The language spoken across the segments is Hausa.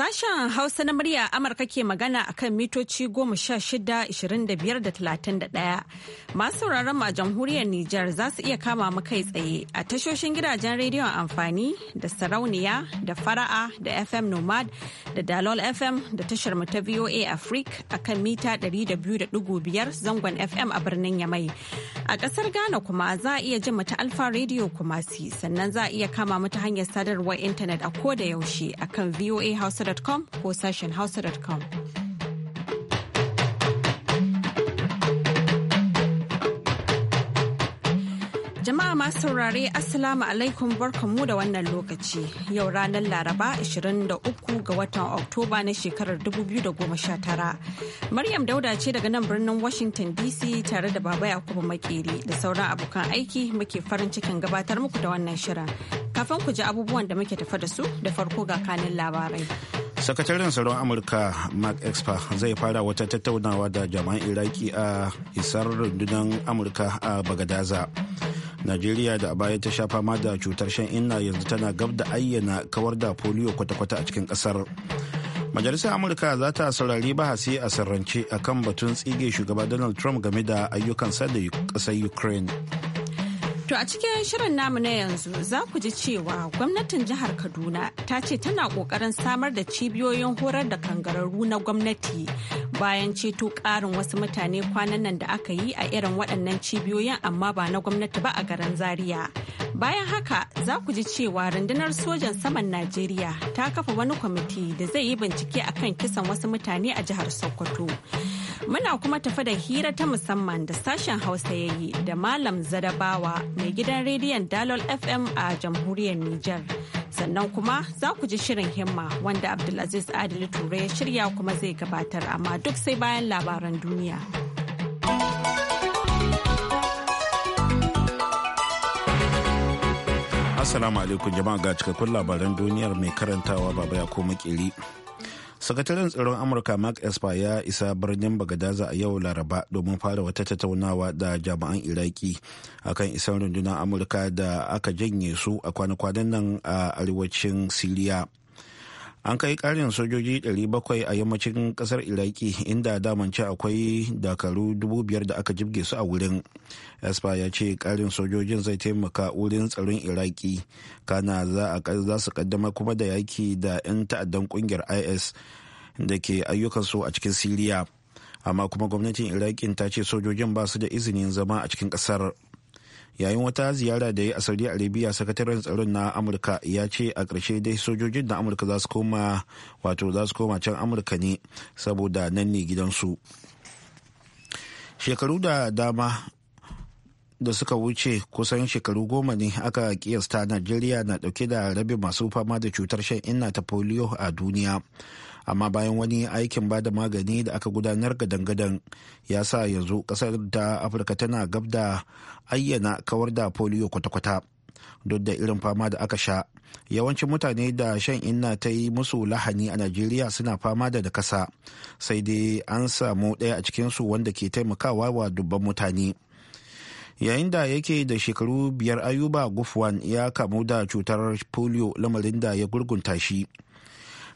Sashen Hausa na murya Amurka ke magana a kan mitoci 16-25-31. Masu sauraron ma jamhuriyar Nijar za su iya kama mu kai tsaye a tashoshin gidajen rediyon amfani da sarauniya da fara'a da FM Nomad da Dalol FM da tashar mu ta VOA Africa a kan mita 200.5 zangon FM a birnin Yamai. A ƙasar Ghana kuma za a iya jin mu ta Alfa Radio kumasi sannan za a iya kama mu ta hanyar sadarwar intanet a koda yaushe a kan VOA Hausa voa.com ko dot hausa.com. Jama'a masu saurare Assalamu alaikum barkanmu da wannan lokaci. Yau ranar Laraba 23 ga watan Oktoba na shekarar 2019. Maryam Dauda ce daga nan birnin Washington DC tare da Baba Yakubu Makeri da sauran abokan aiki muke farin cikin gabatar muku da wannan shirin. Kafin ku ji abubuwan da muke tafa da su da farko ga kanin labarai. Sakataren tsaron Amurka Mark esper zai fara wata tattaunawa da jama'an Iraki a isar rundunar Amurka a Bagadaza. najeriya da a baya ta sha fama da cutar shan inna yanzu tana gab da ayyana kawar da polio kwata-kwata a cikin kasar majalisar amurka za ta saurari bahasi a sirrance akan batun tsige shugaba donald trump game da ayyukansa da ƙasar ukraine To a cikin shirin namu na yanzu za ku ji cewa gwamnatin jihar Kaduna ta ce tana kokarin samar da cibiyoyin horar da kangararru na gwamnati bayan ceto karin wasu mutane kwanan nan da aka yi a irin waɗannan cibiyoyin amma ba na gwamnati ba a garin Zaria. Bayan haka za ku ji cewa rundunar sojan saman Najeriya ta kafa wani kwamiti da zai yi bincike akan kisan wasu mutane a jihar Sokoto. Muna kuma tafa da hira ta musamman da sashen Hausa ya yi da Malam Zadabawa mai gidan rediyon Dalol FM a jamhuriyar Nijar. Sannan kuma za ku ji shirin himma wanda Abdulaziz adil Ture ya shirya kuma zai gabatar amma duk sai bayan labaran duniya. Assalamu alaikum jama'a ga cikakkun labaran duniyar mai karantawa baba ya koma kiri. sakataren tsaron amurka mark esper ya isa birnin bagadaza a yau laraba domin fara wata tattaunawa da jami'an iraki akan isan rundunar amurka da aka janye su a kwanakwanan nan a arewacin siriya an kai karin sojoji 700 a yammacin kasar iraki inda damance akwai dakaru 5,000 da aka jibge su a wurin espa ya ce karin sojojin zai taimaka wurin tsaron iraki kana za su kaddama kuma da yaki da 'yan ta'addan kungiyar is da ke ayyukansu a cikin siriya amma kuma gwamnatin irakin ta ce sojojin ba su da izinin zama a cikin kasar yayin wata ziyara da ya a saudi arabia sakataren tsaron na amurka ya ce a ƙarshe dai sojojin da amurka za su koma wato za su koma can amurka ne saboda nan ne gidansu shekaru da dama da suka wuce kusan shekaru goma ne aka kiyasta najeriya na dauke da rabin masu fama da cutar shan inna ta polio a duniya amma bayan wani aikin ba da magani da aka gudanar ga dangadan ya sa yanzu kasar da afirka tana gab da ayyana kawar da polio kwata-kwata duk da irin fama da aka sha yawancin mutane da shan inna ta yi musu lahani a najeriya suna fama da da kasa sai dai an samu ɗaya a cikinsu wanda ke taimakawa wa dubban mutane yayin da yake da shekaru biyar ayuba gufwan ya kamu da cutar polio lamarin da ya gurgunta shi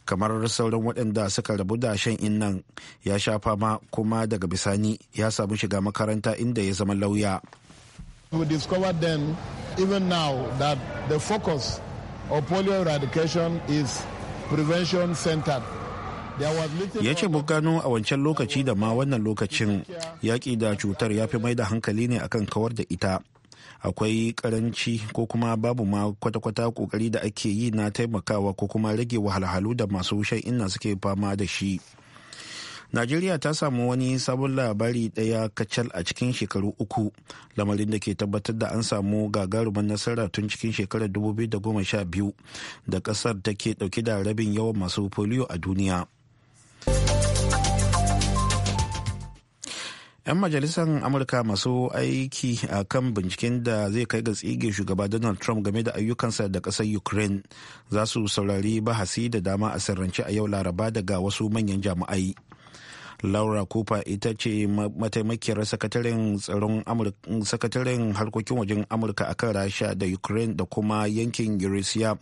kamar sauran waɗanda suka rabu da shan innan ya sha fama kuma daga bisani ya samu shiga makaranta inda ya zama lauya. We discovered then, even now, that the focus of polio is prevention centered. ya ce mun gano a wancan lokaci da ma wannan lokacin yaƙi da cutar ya fi mai da hankali ne akan kawar da ita akwai karanci ko kuma babu ma kwata-kwata kokari da ake yi na taimakawa ko kuma rage wahalhalu da masu shan inna suke fama da shi najeriya ta samu wani sabon labari daya kacal a cikin shekaru uku lamarin da ke tabbatar da an samu gagarumin nasara tun cikin shekarar 2012 da kasar take dauke da rabin yawan masu polio a duniya 'yan majalisar amurka masu aiki a kan binciken da zai kai ga tsige shugaba donald trump game da ayyukansa da ƙasar ukraine za su saurari bahasi da dama a sirrance a yau laraba daga wasu manyan jami'ai laura cooper ita ce mataimakiyar sakataren tsaron harkokin wajen amurka akan rasha da ukraine da kuma yankin eurasia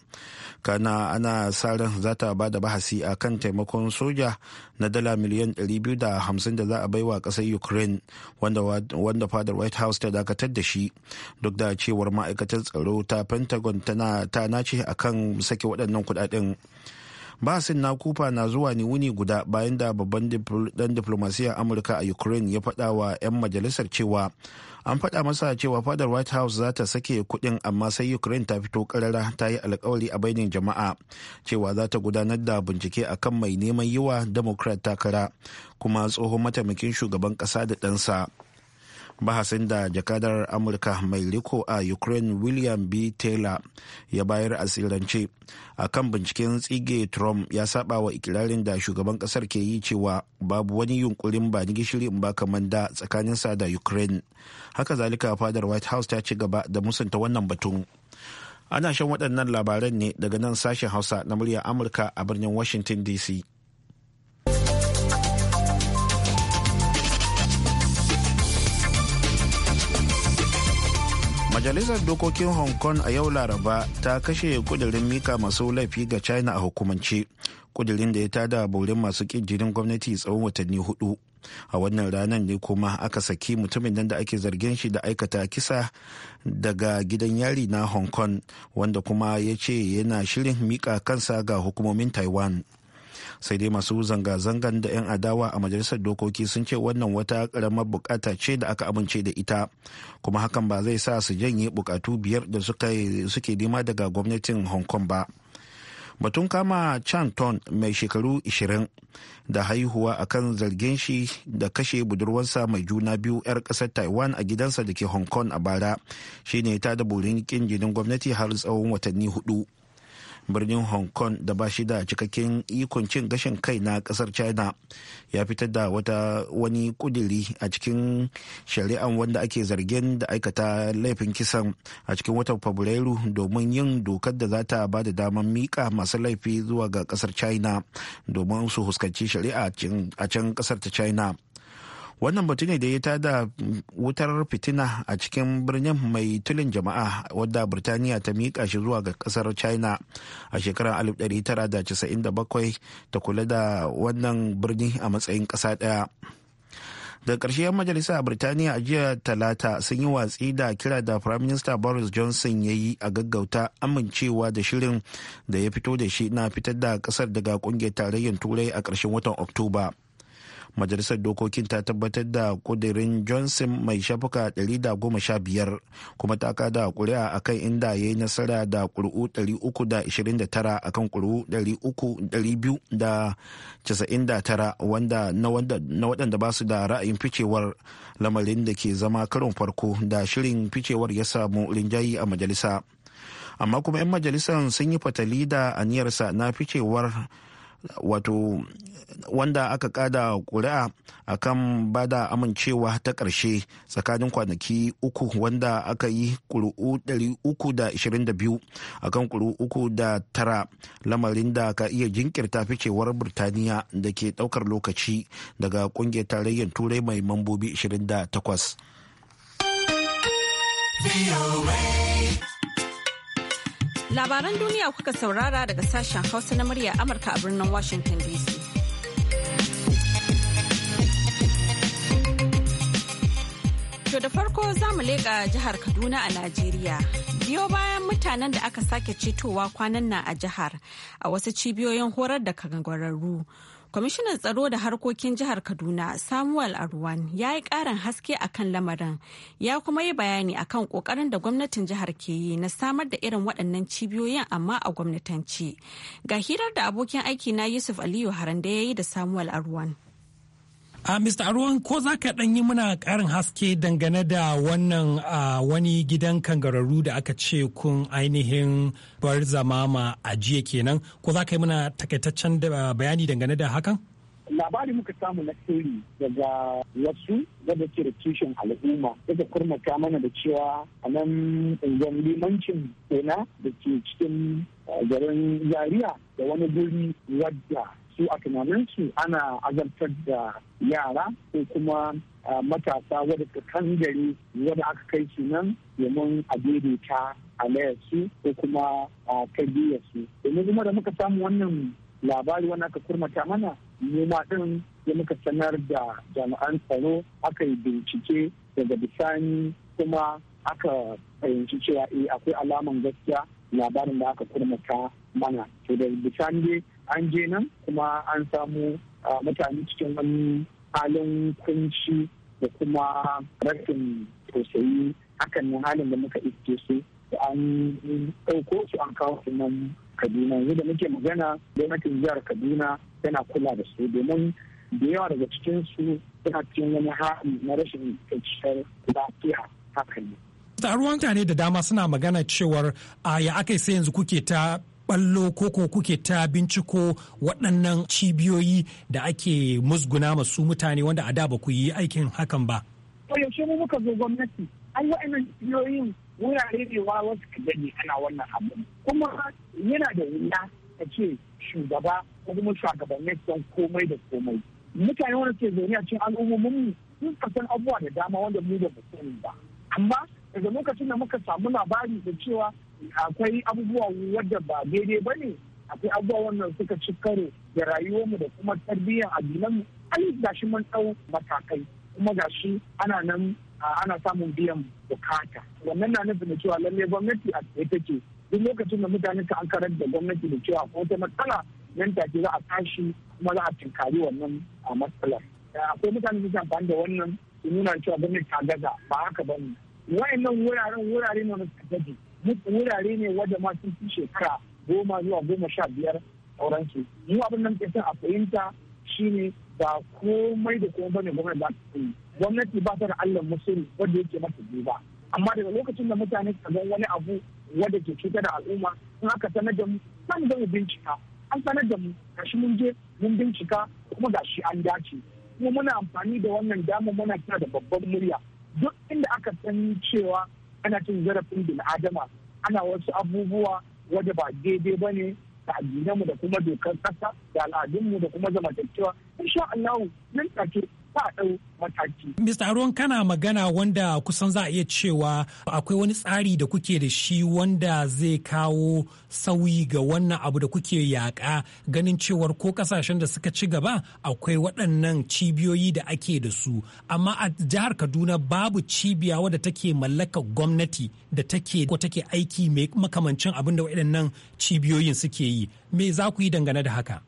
kana ana sa za ta ba da bahasi a kan taimakon soja na dala miliyan 250 da za a baiwa kasar ukraine wanda fadar white house ta dakatar da shi duk da cewar ma'aikatar tsaro ta pentagon tana ta nace akan sake waɗannan kuɗaɗen. basin na kufa na zuwa ne wuni guda bayan da babban dan diflomasiyyar amurka a ukraine ya faɗa wa 'yan majalisar cewa an faɗa masa cewa fadar white house za ta sake kuɗin amma sai ukraine ta fito karara ta yi alkawari a bainin jama'a cewa za ta gudanar da bincike a kan mai neman yiwa democrat takara kuma tsohon mataimakin shugaban ƙasa da ɗansa. bahasin da jakadar amurka mai riko a ukraine william b taylor ya bayar asirance a kan binciken tsige trump ya saba wa ikirarin da shugaban kasar ke yi cewa babu wani yunkurin ba ni gishiri in baka manda tsakaninsa da ukraine haka zalika fadar white house ta ci gaba da musanta wannan batun ana shan waɗannan labaran ne daga nan sashen hausa na murya amurka a birnin washington dc majalisar dokokin hong kong a yau laraba ta kashe kudirin mika masu laifi ga china a hukumance kudirin da ya tada borin masu kijirin gwamnati tsawon watanni hudu a wannan ranar ne kuma aka saki mutumin nan da ake zargin shi da aikata kisa daga gidan yari na hong kong wanda kuma ya ce yana shirin mika kansa ga hukumomin taiwan sai dai masu zanga-zangan da 'yan adawa a majalisar dokoki sun ce wannan wata karamar bukata ce da aka amince da ita kuma hakan ba zai sa su janye bukatu biyar da suke nema daga gwamnatin hong kong ba batun kama chanton mai shekaru 20 da haihuwa a kan zargin shi da kashe budurwarsa mai juna biyu 'yar kasar taiwan a gidansa da ke hong kong a bara shine ta da burin kin gwamnati har tsawon watanni hudu birnin hong kong da ba shi da cikakken ikon cin gashin kai na kasar china ya fitar da wata wani kudiri a cikin shari'an wanda ake zargin da aikata laifin kisan a cikin watan fabrairu domin yin dokar da za ta ba da damar mika masu laifi zuwa ga kasar china domin su huskanci shari'a a can kasar ta china wannan batu ne da ya tada wutar fitina a cikin birnin mai tulin jama'a wadda birtaniya ta miƙa shi zuwa ga kasar china a shekarar 1997 ta kula da wannan birni a matsayin ƙasa ɗaya daga ƙarshe 'yan majalisa a birtaniya a jiya talata sun yi watsi da kira da prime minister boris johnson ya yi a gaggauta amincewa da shirin da ya fito da shi na fitar da ƙasar daga ƙungiyar tarayyar turai a ƙarshen watan oktoba majalisar dokokin ta tabbatar da kudirin johnson mai shafuka 115 kuma ta kada kuri'a a kan inda ya yi nasara da kuri'u 329 a kan kuri'u 299 wanda na waɗanda ba su da ra'ayin ficewar lamarin da ke zama karin farko da shirin ficewar ya samu rinjayi a majalisa amma kuma 'yan majalisar sun yi fatali da aniyarsa na ficewar wato wanda aka kada kuri'a a kan bada amincewa ta ƙarshe tsakanin kwanaki uku wanda aka yi kuri'u 322 a kan kuri'u uku da tara lamarin da ka iya jinkirta ficewar birtaniya da ke ɗaukar lokaci daga ƙungiyar tarayyar turai mai mambobi 28. Labaran duniya kuka saurara daga sashen Hausa na murya Amurka a birnin Washington DC. To da farko za mu leƙa jihar Kaduna a Najeriya. Biyo bayan mutanen da aka sake cetowa kwanan nan a jihar a wasu cibiyoyin horar da kagagwararru. Kwamishinan tsaro da harkokin jihar Kaduna Samuel Arwan ya yi ƙarin haske a kan lamarin ya kuma yi bayani akan ƙoƙarin da gwamnatin jihar ke yi na samar da irin waɗannan cibiyoyin amma a gwamnatanci. Ga hirar da abokin aiki na Yusuf Aliyu Haran da ya yi da Samuel Arwan. Uh, ah, Mr. Arwan, ko za ka ɗan yi muna ƙarin haske dangane da wannan uh, wani gidan kangararru da aka ce kun ainihin bar zama ma ajiye kenan, ko za ka yi muna takaitaccen uh, bayani dangane da hakan? labari muka samu na sirri daga wasu daga ke da tushen al'umma daga kurmaka mana da cewa a nan unguwan limancin tsena da ke cikin garin zaria da wani guri wadda su a tunaninsu ana azabtar da yara ko kuma ah, matasa wadda ta gari wadda aka kai su nan domin a daidaita alayarsu ko kuma ah, tarbiyyarsu domin kuma da muka samu wannan labari wani aka kurmata mana noma ma din ya muka sanar da jami'an tsaro aka yi bincike daga bisani kuma aka fahimci cewa eh akwai alaman gaskiya labarin da aka kurmata mana to da bisani an je nan kuma an samu mutane cikin wani halin kunci da kuma rashin tausayi hakan ne halin da muka iske su an ɗauko su an kawo su nan kaduna yadda da muke magana gwamnatin jihar kaduna yana kula da su domin da yawa daga cikin su suna cikin wani hali na rashin kyakkyar lafiya hakan ne. taruwan mutane da dama suna magana cewar a ya aka sai yanzu kuke ta ballo koko kuke ta binciko waɗannan cibiyoyi da ake musguna masu mutane wanda a da ba ku yi aikin hakan ba. yaushe mu muka zo gwamnati an waɗannan cibiyoyin wurare ne wa wasu gani ana wannan abu kuma yana da wuya a ce shugaba ko kuma shugabannin don komai da komai mutane wanda ke zaune a cikin al'ummomin mu sun san abubuwa da dama wanda mu da mu ba amma daga lokacin da muka samu labari da cewa akwai abubuwa wadda ba daidai ba ne akwai abubuwa wannan suka ci karo da rayuwarmu da kuma tarbiyyar addinan ai ga shi mun dau matakai kuma ga shi ana nan ana samun biyan bukata wannan na nufin da cewa lallai gwamnati a tsaye take duk lokacin da mutane ka an karar da gwamnati da cewa ko wata matsala nan take za a tashi kuma za a tinkari wannan a matsalar akwai mutane suke amfani da wannan su nuna cewa gwamnati ta gaza ba haka ba ne wayannan wuraren wurare ne na gaji wurare ne wadda ma sun fi shekara goma zuwa goma sha biyar sauransu mu abin nan ke son a fahimta shine ba komai da komai bane gwamnati za ta yi gwamnati ba ta da allah musulmi wadda yake mata ba amma daga lokacin da mutane ka gan wani abu wadda ke cutar da al'umma in aka sanar da mu zan mu bincika an sanar da mu gashi mun je mun bincika kuma gashi an dace kuma muna amfani da wannan damar muna kira da babban murya duk inda aka san cewa ana cin zarafin Adama. ana wasu abubuwa wadda ba daidai ba ne da addinanmu da kuma dokar ƙasa da al'adunmu da kuma zamantakewa insha Allah nan take ba mataki. Mr. Aron kana magana wanda kusan za a iya cewa akwai wani tsari da kuke da shi wanda zai kawo sauyi ga wannan abu da kuke yaƙa ganin cewar ko ƙasashen da suka ci gaba akwai waɗannan cibiyoyi da ake da su amma a jihar Kaduna babu cibiya wadda take mallaka gwamnati da take ko take aiki mai makamancin abin da waɗannan cibiyoyin suke yi me za ku yi dangane da haka?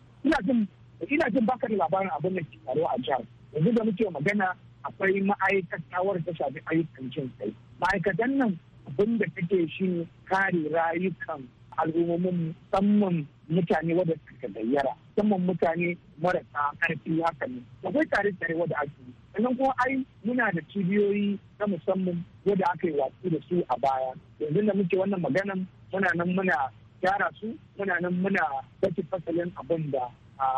Ina jin baka da labarin abin da ke faruwa a jihar yanzu da muke magana akwai ma'aikatawar ta shafi ayyukan jin kai ma'aikatan nan abin da take shi kare rayukan al'ummomin musamman mutane wadda suka gayyara musamman mutane marasa karfi haka ne akwai tare tare wadda ake yi sannan kuma ai muna da cibiyoyi na musamman wadda aka yi watsi da su a baya yanzu da muke wannan maganan muna nan muna gyara su muna nan muna sake fasalin abin da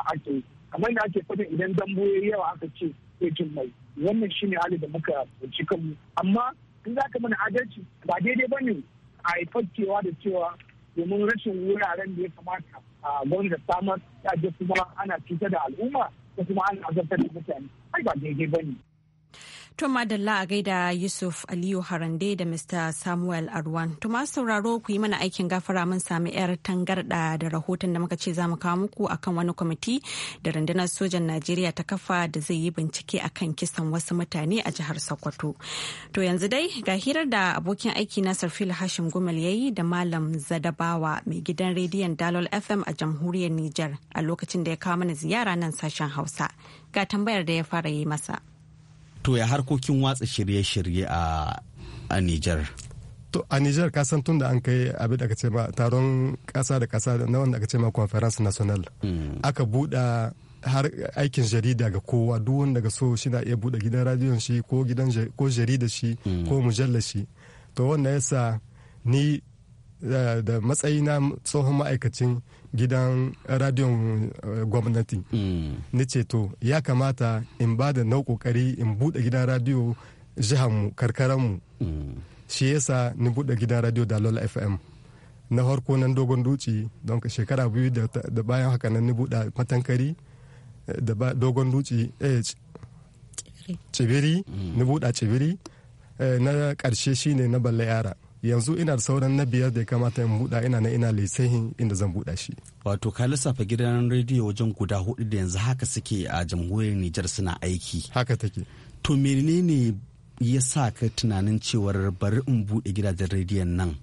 ake yi. kamar da ake faɗin idan dambo ya yawa aka ce ya jummai mai wannan shine hali da muka ci kanmu amma in za ka mana adalci ba daidai ba ne a haifakewa da cewa domin rashin wuraren da ya kamata a gwamnati samar da kuma ana cutar da al'umma ko kuma ana azabtar da mutane ai ba daidai ba ne. To madalla a gaida Yusuf Aliyu Harande da Mr. Samuel Arwan. To masu sauraro ku yi mana aikin gafara mun sami yar tangarda da rahoton da muka ce za mu kawo muku akan wani kwamiti da rundunar sojan Najeriya ta kafa da zai yi bincike akan kisan wasu mutane a jihar Sokoto. To yanzu dai ga hirar da abokin aiki na Sarfil Hashim Gumal yayi da Malam Zadabawa mai gidan rediyon Dalol FM a jamhuriyar Nijar a lokacin da ya kawo mana ziyara nan sashen Hausa. Ga tambayar da ya fara yi masa. to ya harkokin watsa shirye-shirye a a Nijar. To a Nijar kasan tun da an kai abin da aka ce ma taron kasa da kasa na wanda aka ce ma conference national mm. aka buɗa har aikin jarida ga kowa duk wanda ga so shi na iya buɗe gidan radiyon shi ko gidan ko jarida shi mm. ko mujallar shi to wannan yasa ni da matsayi na tsohon ma'aikacin gidan radiyon eh, gwamnati mm. ni ce to ya kamata in ba da nau kokari in buɗe gidan radiyo jihanmu karkaranmu mm. shi yasa ni buɗe gidan radiyo da lola fm na harko nan dogon duci don shekara biyu da bayan haka nan ni buɗe matankari eh, da dogon duci eh, cibiri mm. ni buɗe cibiri na ƙarshe shine na balle yara yanzu ina da sauran na biyar da ya kamata in buɗa ina na ina lissahin inda zan buɗa shi. Wato ka lissafa gidan rediyo wajen guda hudu da yanzu haka suke a jamhuriyar Nijar suna aiki. Haka take. To menene ya sa ka tunanin cewar bari in buɗe gidajen rediyon nan?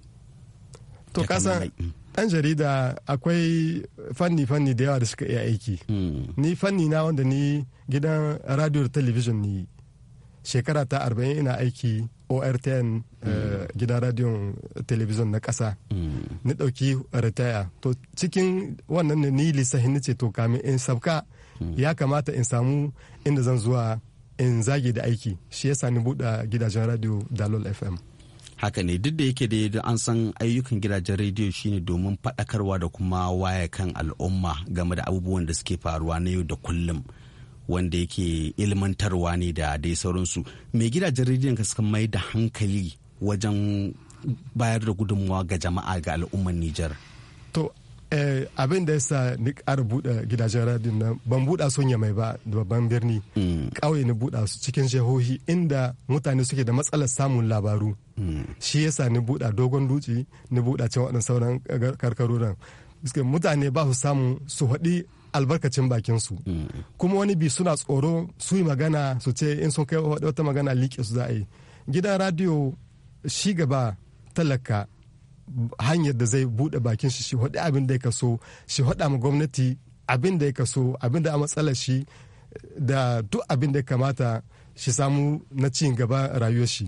To san mm. ɗan jarida akwai fanni-fanni da yawa da suka iya aiki. Mm. Ni fanni na wanda ni gidan radio da television ni shekara ta arba'in ina aiki ortn eh, gida radiyon television na kasa mm. ni ɗauki ritaya to cikin wannan ne ni lissahin ce to kamin in sabka mm. ya kamata in samu inda zan zuwa in zage da aiki shi yasa ni buɗe gidajen radio dalol fm haka ne duk da yake da an san ayyukan gidajen rediyo shine domin faɗakarwa da kuma waya kan al'umma game da abubuwan da suke faruwa na yau da kullum. wanda yake ilmantarwa ne da dai sauransu mai gidajen rediyon ka suka mai da hankali wajen bayar da gudunmawa ga jama'a ga al'ummar Nijar. To eh, abin da yasa ni ƙara buɗe gidajen radiyon nan ban buɗa sun mai ba da babban birni mm. ƙauye ni buɗa su cikin jihohi inda mutane suke da matsalar samun labaru mm. shi yasa ni buɗa dogon dutse ni buɗa cewa waɗannan sauran eh, karkarorin mutane ba su samu su haɗi albarkacin bakin su kuma wani bi suna tsoro su yi magana su ce in sun kai wata magana liƙe su za yi gidan radiyo shi gaba talaka hanyar da zai buɗe bakin shi shi hudu abin da ya kaso shi hudu ma gwamnati abin da ya kaso abin da a matsalar shi da duk abin da ya kamata shi samu na cin gaba rayuwar shi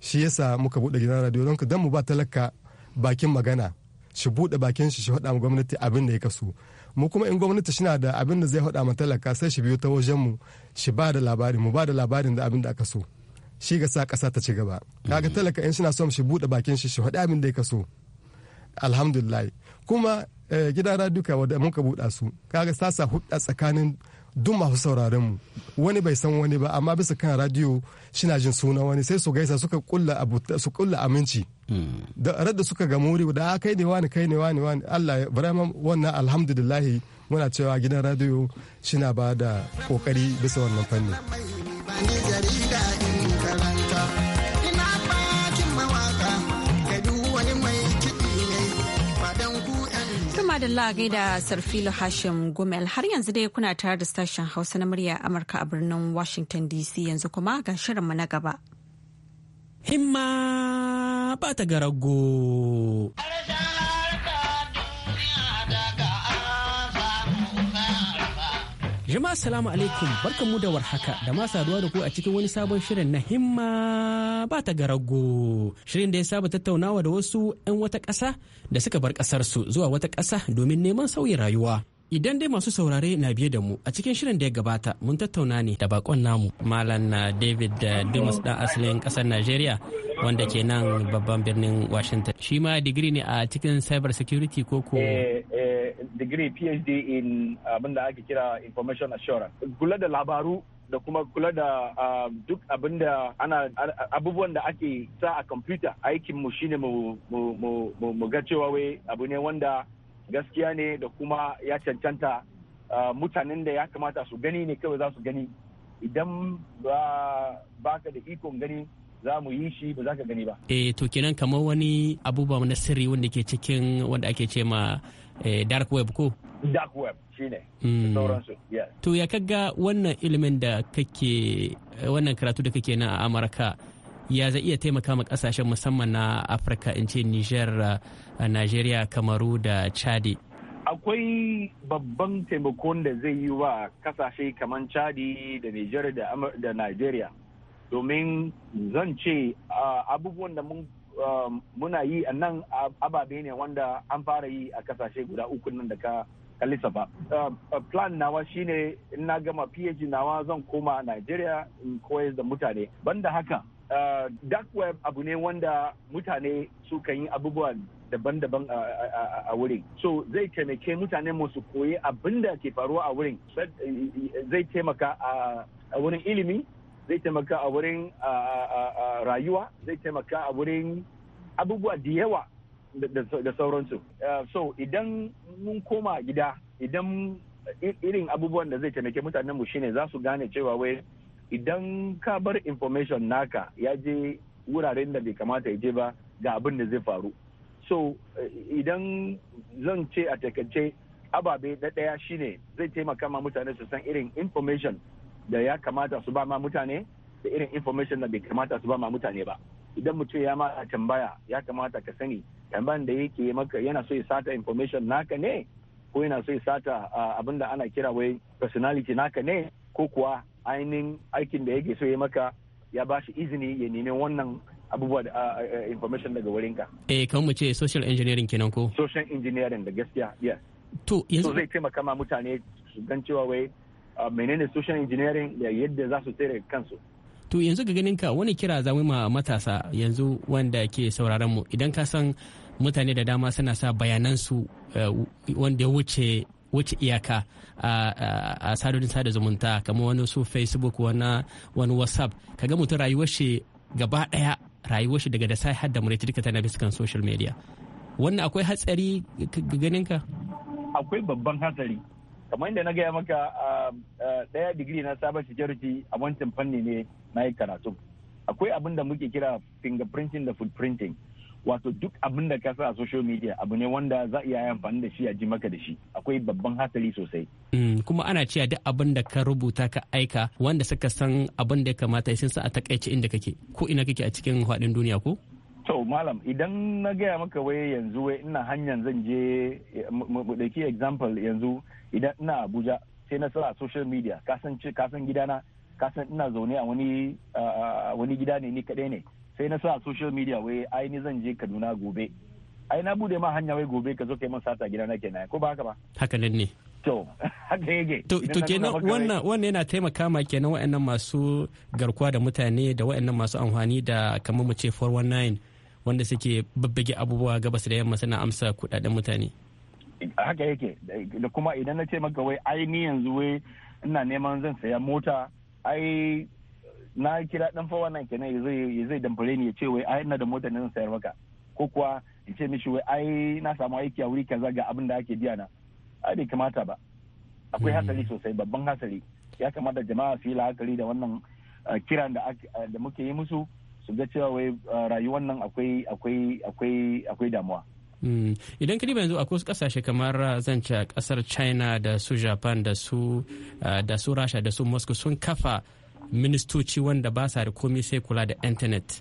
shi yasa muka buɗe gidan radiyo don ka mu ba talaka bakin magana shi buɗe bakin shi shi hudu ma gwamnati abin da ya kaso mu kuma in gwamnati shina da abin da zai haɗa ma talaka sai shi biyo ta wajen mu shi ba da labari mu ba da labarin da abin da aka so shi ga sa kasa ta ci gaba kaga mm. talaka in shina son shi buɗe bakin shi shi hada abin da ya kaso alhamdulillah kuma Eh, gidana duka wadda muka buɗa su kaga sasa hudda tsakanin duk masu sauraron mu wani bai san wani ba amma bisa kan radio shina jin suna wani sai su gaisa suka kulla abu aminci da radda suka ga muri da ah, kai ne wani kai ne wani Allah ya barama wannan alhamdulillah muna cewa gidan radio shina ba da kokari bisa wannan fanni madalla gaida sarfilo hashim gumel har yanzu dai kuna tare da sashen hausa na murya amurka a birnin washington dc yanzu kuma ga shirinmu na gaba himma ba ta garago Jama'a salamu alaikum mu da warhaka da ma saduwa da ku a cikin wani sabon shirin na himma ba ta garago. Shirin da ya saba tattaunawa da wasu 'yan wata ƙasa da suka bar ƙasarsu zuwa wata ƙasa domin neman sauyin rayuwa. Idan dai masu saurare na biye da mu a cikin shirin da ya gabata mun tattauna ne da bakon namu Malam na uh, David da uh, Dumas dan asalin ƙasar Najeriya wanda ke nan babban birnin Washington. Shi ma digiri ne a cikin cyber security ko ko eh, eh, degree phd in uh, abin da ake kira information assurance kula da labaru da kuma kula da um, duk abin da ana abubuwan da ake sa a computer aikin mu shine mu ga cewa wai abu ne wanda gaskiya ne da kuma ya cancanta uh, mutanen da ya kamata su gani ne kawai za su gani idan ba ka da ikon gani za mu yi shi ba za ka gani ba. Eh to kenan kamar wani abubuwa na sirri wanda ke cikin wanda ake ce ma Eh, dark web ko dark web shine hmm. sauransu to ya kaga wannan ilimin da kake eh, wannan karatu da kake na a amurka ya zai iya taimaka ma kasashen musamman na afirka in ce niger eh, nigeria kamaru da chadi akwai babban taimakon da zai yi wa kasashe kamar chadi da niger da nigeria domin zan ce ah, abubuwan da mun Um, muna yi a nan ababe ne wanda an fara yi a kasashe guda uku nan da ka kalisa ba. Um, plan nawa shine in na gama PhD nawa zan koma Najeriya in koyar da mutane. Banda haka, uh, dark web abu ne wanda mutane su yi abubuwa daban-daban a wurin. So zai taimake mutane su koyi abinda ke faruwa a wurin. Zai taimaka a wurin ilimi zai taimaka a wurin rayuwa zai taimaka a wurin abubuwa da yawa da sauransu uh, so idan mun koma gida idan irin abubuwan da zai taimake mutanen mu shine za su gane cewa wai idan ka bar information naka ya je wuraren da bai kamata ya je ba ga abin da zai faru so eh, idan zan ce a takaice ababe na ɗaya shine zai taimaka ma mutane su san irin information da ya kamata su ba ma mutane da irin information da bai kamata su ba ma mutane ba idan mutum ya ma tambaya ya kamata ka sani tambayan da yake maka yana so ya sata information naka ne ko yana so ya sata abin da ana kira wai personality naka ne ko kuwa ainihin aikin da yake so ya maka ya ba shi izini ya nemi wannan abubuwa da information daga wurinka. Eh kan mu ce social engineering kenan ko? Social engineering da gaskiya yes. To yanzu zai taimaka ma mutane su gan cewa wai menene social engineering da yadda za su tsere kansu to yanzu ga ganin ka wani kira za ma matasa yanzu wanda ke sauraron mu idan ka san mutane da dama suna sa bayanan su eh, wanda ya wuce wuce iyaka a sadodin sada zumunta kamar wani su facebook wani whatsapp kaga mutum rayuwar shi gaba daya rayuwar shi daga da sai har da mureti duka tana biskan social media wannan akwai hatsari ganin ka akwai babban hatsari kamar inda na gaya maka um, uh, ɗaya digiri na cyber security a wancan fanni ne na yi karatu akwai abin da muke kira fingerprinting da footprinting wato duk abin da ka sa a social media abu ne wanda za a yi amfani da shi a ji maka da shi akwai babban hatsari sosai mm, kuma ana cewa duk abin da ka rubuta ka aika wanda suka san abin da ya kamata sun sa a takaice inda kake ko ina kake a cikin faɗin duniya ko to malam idan na gaya maka wai yanzu wai ina hanyar zan je mu ɗauki example yanzu idan ina abuja sai na sa social media kasan kasan gidana kasan ina zaune a wani gida ne ni kadai ne sai na sa social media wai ai ni zan je kaduna gobe ai na bude ma hanya wai gobe ka zo kai man sata na kenan ko ba haka ba haka nan ne to haka yake to kenan wannan wannan yana taimaka ma kenan waɗannan masu garkuwa da mutane da waɗannan masu amfani da kamar mu ce 419 wanda suke babbage abubuwa gabas da yamma suna amsa kudaden mutane haka yake da kuma idan na ce maka wai ai ni yanzu wai ina neman zan saya mota ai na kira dan fa wannan kenan zai zai damfare ni ya ce wai ai ina da mota ne zan sayar maka ko kuwa in ce mishi wai ai na samu aiki a wuri kaza ga abin da ake biya na ai bai kamata ba akwai hmm. hatsari sosai babban hatsari ya kamata jama'a su yi la'akari da wannan eh, kiran da da muke yi musu su ga cewa wai eh, rayuwar nan akwai akwai akwai akwai damuwa Hmm. idan ka yanzu akwai wasu kasashe kamar uh, zance kasar china da su japan uh, da su rasha da su moscow sun kafa ministoci wanda ba sa da komi sai kula da intanet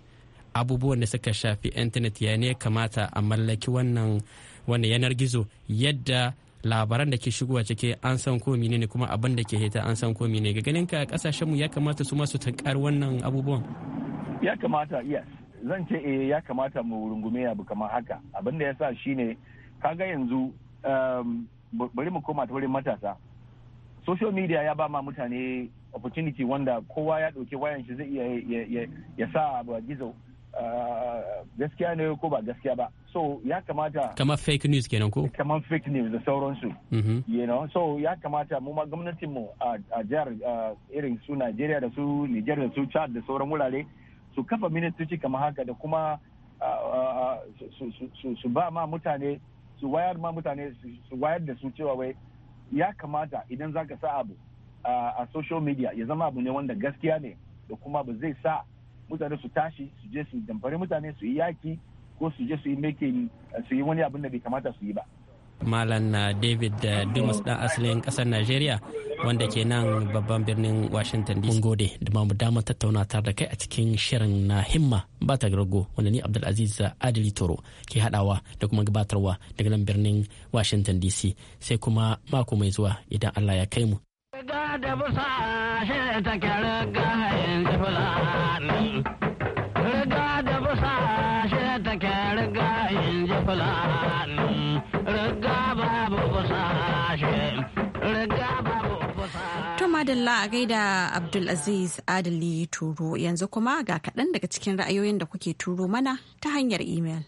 abubuwan da suka shafi intanet ya ne kamata a mallaki wannan wannan yanar gizo yadda labaran da ke shigowa cike an san ko ne kuma abin da ke heta an san ko ne ga ganin ka kasashen mu ya kamata su masu tankar wannan abubuwan ya kamata yes zan ce eh ya kamata mu rungume abu kamar haka abin da ya sa shine kaga yanzu um, bari mu koma ta wurin matasa social media ya ba ma mutane opportunity wanda kowa ya ɗauki wayan shi zai iya ya sa abu a gizo uh, gaskiya ne ko ba gaskiya ba so ya kamata kamar fake news kenan ko kamar fake news da sauransu mm-hmm. you know so ya kamata mu ma gwamnatin mu a jihar uh, irin su Najeriya da su Niger da su Chad da sauran wurare su kafa ministoci kamar haka da kuma su ba ma mutane su wayar ma mutane su wayar da su cewa wai ya kamata idan za ka sa abu a social media ya zama abu ne wanda gaskiya ne da kuma ba zai sa mutane su tashi su je su damfari mutane su yi yaki ko su je su yi making wani abin da bai kamata su yi ba malam uh, david uh, dumas dan asalin kasar nigeria wanda ke nan babban birnin washington dc gode da mamu dama tattauna tare da kai a cikin shirin na himma ba ta rago wanda ni abdulaziz uh, adili toro ke hadawa da kuma gabatarwa daga nan birnin washington dc sai kuma mako mai zuwa idan allah ya kai mu da busa shi ta gahayin fulani Alhamdulillah a gaida Abdulaziz Adali Turo yanzu kuma ga kaɗan daga cikin ra'ayoyin da kuke turo mana ta hanyar imel.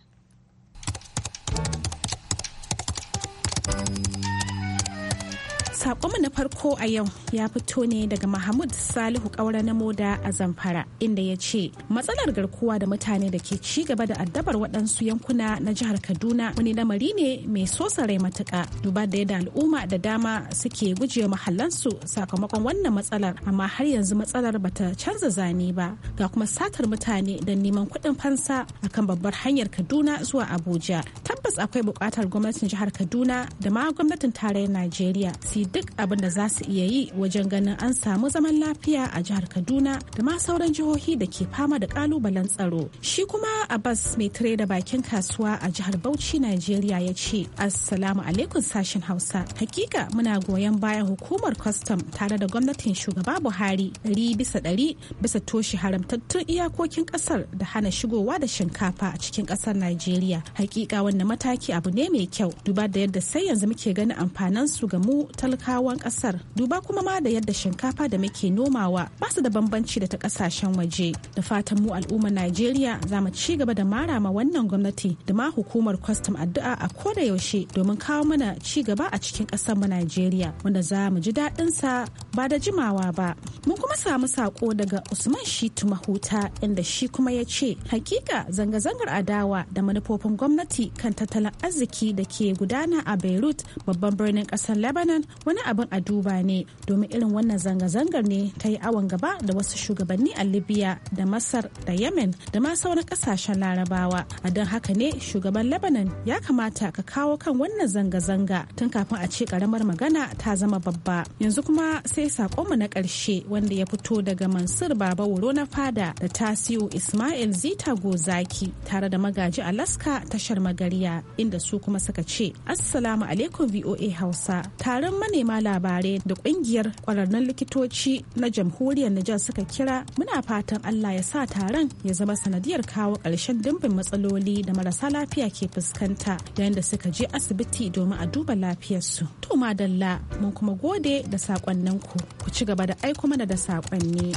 Sakonmu na farko a yau ya fito ne daga Mahmud Salihu Kaura na Moda a Zamfara inda ya ce matsalar garkuwa da mutane da ke ci gaba da addabar waɗansu yankuna na jihar Kaduna wani lamari ne mai rai matuka duba da yadda al'umma da dama suke gujewa mahallansu sakamakon wannan matsalar amma har yanzu matsalar bata canza zane ba ga kuma satar mutane da neman kuɗin fansa akan babbar hanyar Kaduna zuwa Abuja tabbas akwai buƙatar gwamnatin jihar Kaduna da ma gwamnatin tarayyar Najeriya duk abin da za su iya yi wajen ganin an samu zaman lafiya a jihar Kaduna da ma sauran jihohi da ke fama da kalubalen tsaro. Shi kuma Abbas mai tire da bakin kasuwa a jihar Bauchi Najeriya ya ce Assalamu alaikum sashen Hausa. Hakika muna goyon bayan hukumar kwastam tare da gwamnatin shugaba Buhari ɗari bisa ɗari bisa toshe haramtattun iyakokin kasar da hana shigowa da shinkafa a cikin kasar Najeriya. Hakika wannan mataki abu ne mai kyau duba da yadda sai yanzu muke ganin amfanin su ga mu talaka talakawan kasar duba kuma ma da yadda shinkafa da muke nomawa ba su da bambanci da ta kasashen waje da fatan mu al'ummar najeriya za mu ci gaba da mara ma wannan gwamnati da ma hukumar kwastam addu'a a koda yaushe domin kawo mana ci gaba a cikin kasar mu najeriya wanda za mu ji daɗin sa ba da jimawa ba mun kuma samu sako daga usman shitu mahuta inda shi kuma ya ce hakika zanga-zangar adawa da manufofin gwamnati kan tattalin arziki da ke gudana a beirut babban birnin kasar lebanon wani abin a duba ne domin irin wannan zanga-zangar ne ta yi awon gaba da wasu shugabanni a libya da masar da yemen da ma sauran kasashen larabawa a don haka ne shugaban lebanon ya kamata ka kawo kan wannan zanga-zanga tun kafin a ce karamar magana ta zama babba yanzu kuma sai sakonmu na ƙarshe wanda ya fito daga mansur baba wuro na fada da tasiu ismail zita gozaki tare da magaji alaska tashar magarya inda su kuma suka ce assalamu alaikum voa hausa taron ma labarai da kungiyar kwararrun likitoci na jamhuriyar Nijar suka kira muna fatan Allah ya sa taron ya zama sanadiyar kawo ƙarshen dimbin matsaloli da marasa lafiya ke fuskanta yayin da suka je asibiti domin a duba lafiyarsu. To dalla mun kuma gode da saƙonninku ku ci gaba da aiko mana da sakonni.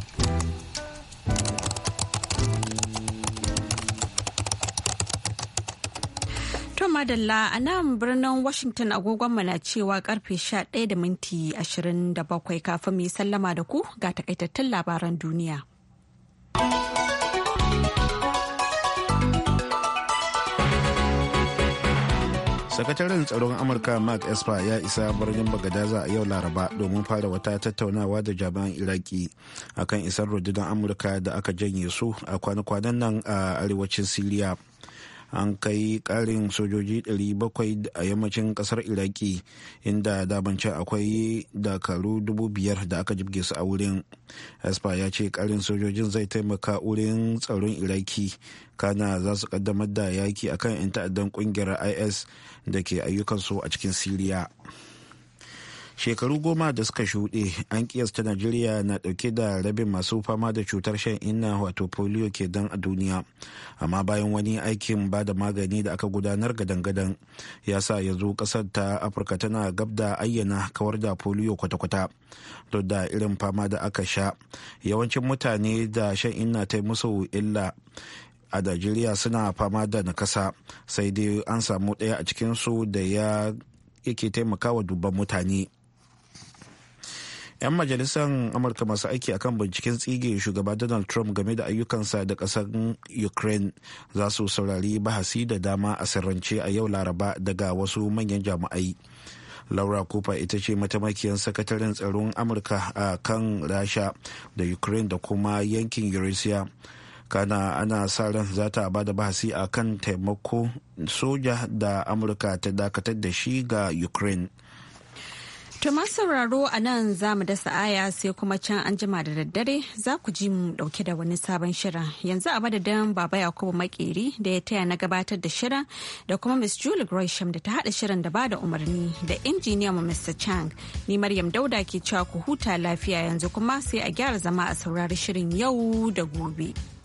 madalla a nan birnin Washington agogonmu na cewa karfe 11 da minti 27 kafin mu sallama da ku ga takaitattun labaran duniya. sakataren tsaron amurka mark esper ya isa birnin bagadaza a yau laraba domin fara wata tattaunawa da jami'an iraki akan isar rundunar amurka da aka janye su a kwanan nan a arewacin siriya an kai karin sojoji 700 a yammacin kasar iraki inda dabance akwai dakaru 5,000 da aka jibge su a wurin aspa ya ce karin sojojin zai taimaka wurin tsaron iraki kana za su kaddamar da yaki akan 'yan ta'addan kungiyar is da ke ayyukansu a cikin siriya shekaru goma da suka shuɗe an kiyasta najeriya na ɗauke da rabin masu fama da cutar shan inna wato polio ke dan a duniya amma bayan wani aikin ba da magani da aka gudanar gadan-gadan ya sa yanzu ƙasar ta afirka tana gab da ayyana kawar da polio kwata-kwata duk da irin fama da aka sha yawancin mutane da shan inna ta musu illa a najeriya suna fama da nakasa sai dai an samu ɗaya a cikinsu da ya yake taimakawa dubban mutane 'yan majalisar amurka masu aiki akan binciken tsige shugaba donald trump game da ayyukansa da ƙasar ukraine za su saurari bahasi da dama a sirrance a yau laraba daga wasu manyan jami'ai laura cooper ita ce matamakiyar sakataren tsaron amurka a kan rasha da ukraine da kuma yankin eurasia kana ana sa ran za ta ba da bahasi a kan taimako soja da amurka ta dakatar da shi ga ukraine To masu sauraro a nan za mu dasa aya sai kuma can an jima da daddare za ku ji mu dauke da wani sabon shirin yanzu a madadin baba yakubu makeri da ya taya na gabatar da shirin da kuma miss julie gresham da ta hada shirin da ba da umarni da injiniya mu mr chang ni maryam dauda ke cewa ku huta lafiya yanzu kuma sai a gyara zama a saurari shirin yau da gobe.